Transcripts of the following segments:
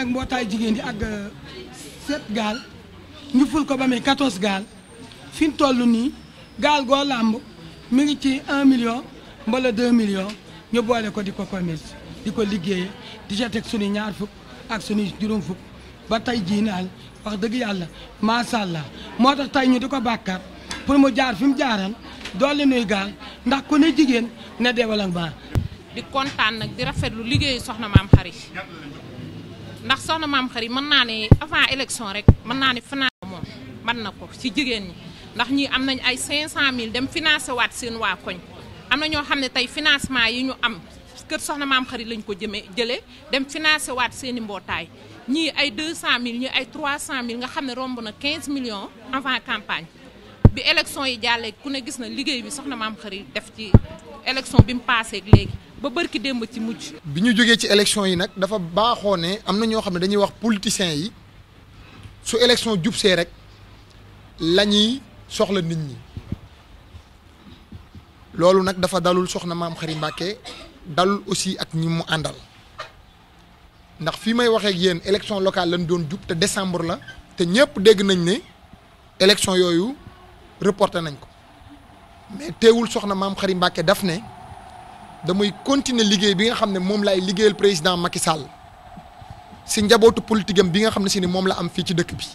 ànd mbootaay jigéen di ak euh, sept gaal ñu ful ko ba muy quatorze gaal fi mu toll nii gaal goo làmb mu ngi ci un million mbala deux millions ñu boole ko di ko commerce di ko liggéeye di ca teg suñu ñaar fukk ak suñu juróom fukk ba tey jii naal wax dëgg yàlla macha allah moo tax tey ñu di ko bàkkaat pour mu jaar fi mu jaaran dolli nuy gaal ndax ku ne jigéen ne développement. di kontaan nag di rafetlu liggéeyu soxna maam xari ndax soxna maam yi mën naa ne avant élection rek mën naa ne financé moom mën na ko ci jigéen ñi ndax ñi am nañ ay 500000 dem financé waat seen waa koñ am na ñoo xam ne tey financement yi ñu am kër soxna maam xari lañ ko jëmee jëlee dem financé waat seen i mbootaay ñii ay 200000 ñii ay 300000 nga xam ne romb na quinze millions avant campagne bi élection yi jàllee ku ne gis na liggéey bi soxna maam xari def ci élection bi mu paasee léegi ba bërki démb ci mujj. bi ñu jógee ci élection yi nag dafa baaxoo ne am na ñoo xam ne dañuy wax politiciens yi su élection jub see rek la ñuy soxla nit ñi loolu nag dafa dalul soxna maam Xari Mbàkke dalul aussi ak ñi mu àndal ndax fii may waxeek ak yéen élection locale lañ doon jub te décembre la te ñëpp dégg nañ ne élection yooyu reporté nañ ko mais teewul soxna maam Xari Mbàkke daf ne. damay continuer liggéey bi nga xam ne moom laay liggéeyal président Macky Sall si njabootu politique am bi nga xam ne si ni moom la am fii ci dëkk bi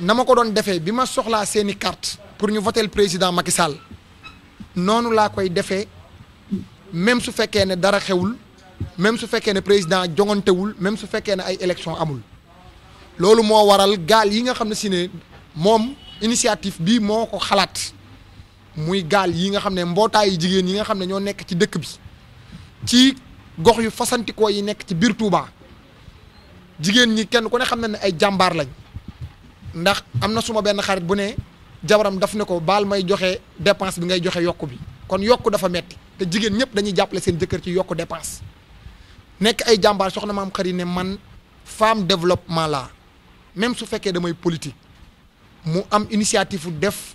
na ko doon defee bi ma soxlaa seeni carte pour ñu voter président Macky Sall noonu laa koy defee même su fekkee ne dara xewul même su fekkee ne président jongantewul même su fekkee ne ay élection amul loolu moo waral gaal yi nga xam ne si ne moom initiative bi moo ko xalaat muy gaal yi nga xam ne mbootaayu jigéen yi nga xam ne ñoo nekk ci dëkk bi ci gox yu fasantikoo yi nekk ci biir Touba jigéen ñi kenn ku ne xam ne ne ay jàmbaar lañ ndax am na suma benn xarit bu ne jabaram daf ne ko baal may joxe dépense bi ngay joxe yokku bi kon yokk dafa metti te jigéen ñëpp dañuy jàppale seen jëkkër ci yokku dépense nekk ay jàmbaar soxna ma am xarit ne man femme développement la même su fekkee damay politique mu am initiative def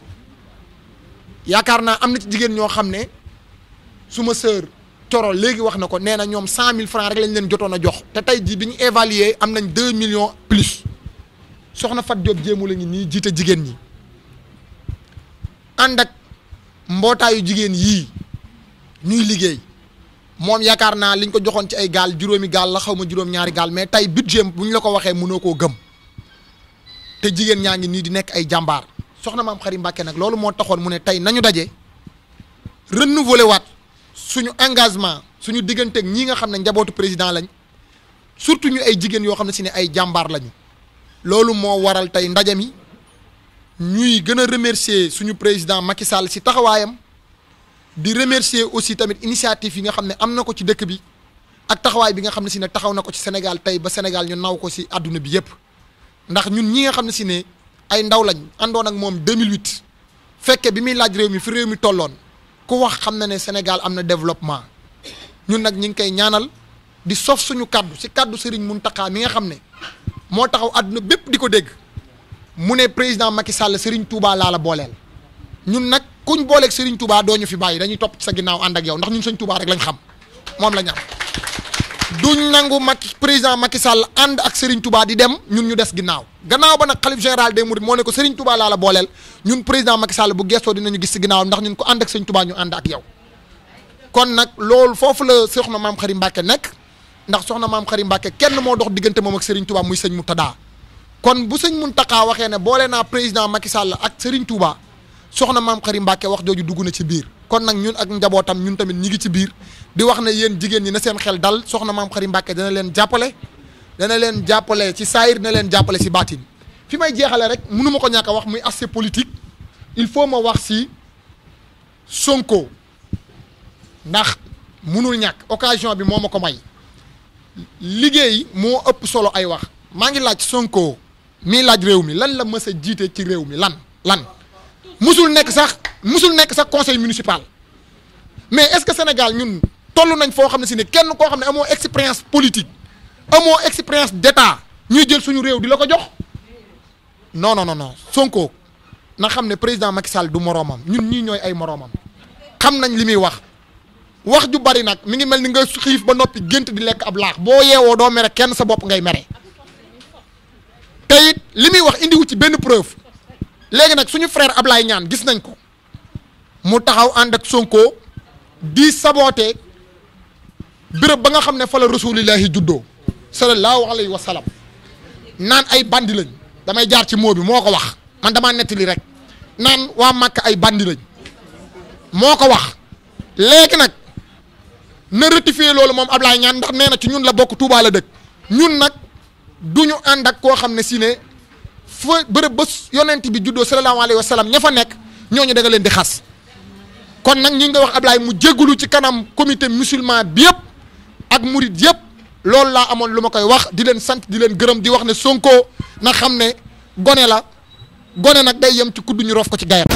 yaakaar naa am na ci jigéen ñoo xam ne su ma sœur coro léegi wax na ko nee na ñoom cent mille francs rek lañ leen jotoon a jox te tey jii bi ñu évaluer am nañ deux millions plus soxna Fat Diop jéemu la ngi nii jiite jigéen ñi ànd ak mbootaayu jigéen yii ñuy liggéey moom yaakaar naa liñ ko joxoon ci ay gaal juróomi gaal la xaw ma juróom-ñaari gaal mais tey budget bu ñu la ko waxee mënoo koo gëm te jigéen ñaa ngi nii di nekk ay jàmbaar soxna maam xari mbakke nag loolu moo taxoon mu ne tey nañu daje renouveler waat suñu engagement suñu digganteeg ñi nga xam ne njabootu président lañ surtout ñu ay jigéen yoo xam ne si ne ay jàmbaar lañu loolu moo waral tey ndaje mi ñuy gën a remercier suñu président Macky Sall si taxawaayam di remercier aussi tamit initiative yi nga xam ne am na ko ci dëkk bi ak taxawaay bi nga xam ne si ne taxaw na ko ci Sénégal tey ba Sénégal ñu naw ko si àdduna bi yépp ndax ñun ñi nga xam ne si ne ay ndaw lañ andon ak mom 2008 fekke bi mi laaj réew mi fi réew mi tolloon ku wax xamna na ne Sénégal amna na développement ñun nak ñu ngi koy ñaanal di sof suñu kaddu ci kaddu Serigne muntaka mi nga xam mo taxaw aduna bépp diko ko dégg mu ne président Macky Sall Serigne Touba la la bolel ñun nak kuñ booleeg Serigne Touba doñu fi bayyi dañuy top sa ginnaw and ak yow ndax ñun Serigne Touba rek lañ xam mom la ñaan du nangu Macky président Macky Sall ànd ak Serigne tubaa di dem ñun ñu des ginnaaw gannaaw ba nag xalif général des Mourides moo ne ko Serigne Touba laa la booleel ñun président Macky Sall bu gestoo dinañu gis si ginnaaw ndax ñun ko ànd ak Serigne Touba ñu ànd ak yow. kon nag loolu foofu la soxna maam Xari Mbàkke nekk ndax soxna maam Xari Mbàkke kenn moo dox diggante moom ak Serigne Touba muy sëñ Moutada kon bu sëñ Mountakha waxee ne boole naa président Macky Sall ak Serigne soxna maam xari Mbàkke wax jooju dugg na ci biir kon nag ñun ak njabootam ñun tamit ñi ngi ci biir di wax na yéen jigéen ñi na seen xel dal soxna maam xari Mbàkke dana leen jàppale dana leen jàppale ci saayir dana leen jàppale ci baatin fi may jeexale rek mënu ma ko ñàkk wax muy assez politique il faut ma wax si Sonko ndax mënul ñàkk occasion bi moo ma ko may liggéey moo ëpp solo ay wax maa ngi laaj Sonko mii laaj réew mi lan la mës a jiite ci réew mi lan lan musul n'est sax conseil municipal mais est-ce que Sénégal ñun tollu nañ ne né kenn expérience politique Une expérience d'État ñuy jël suñu réew di la ko jox non non non non Sonko na xamné président Macky Sall du Moromam. ñun ñi ñoy ay morts. xam nañ limi wax wax ju bari nak mi ngi nga ba di ab kenn sa preuve. léegi nag suñu ab Ablaye ñaan gis nañ ko mu taxaw ànd ak Sonko di saboté béréb ba nga xam ne fa la rasulillahi juddoo sallallahu alayhi wa sallam naan ay bandi lañ damay jaar ci moo bi moo ko wax man damaa nettali rek naan waa Màkka ay bandi lañ moo ko wax léegi nag na rectifier loolu moom Ablaye Niane ndax nee na ci ñun la bokk Touba la dëkk ñun nag du ñu ànd ak koo xam ne si fa bërëb ba yonent bi juddoo sallallahu alayhi wa ña fa nekk ñooñu danga leen di xas kon nag ñu nga wax Ablaye mu jégalu ci kanam comité musulman bi yëpp ak murid yëpp loolu laa amoon lu ma koy wax di leen sant di leen gërëm di wax ne Sonko na xam ne gone la gone nag day yem ci kuddu ñu rof ko ci gayam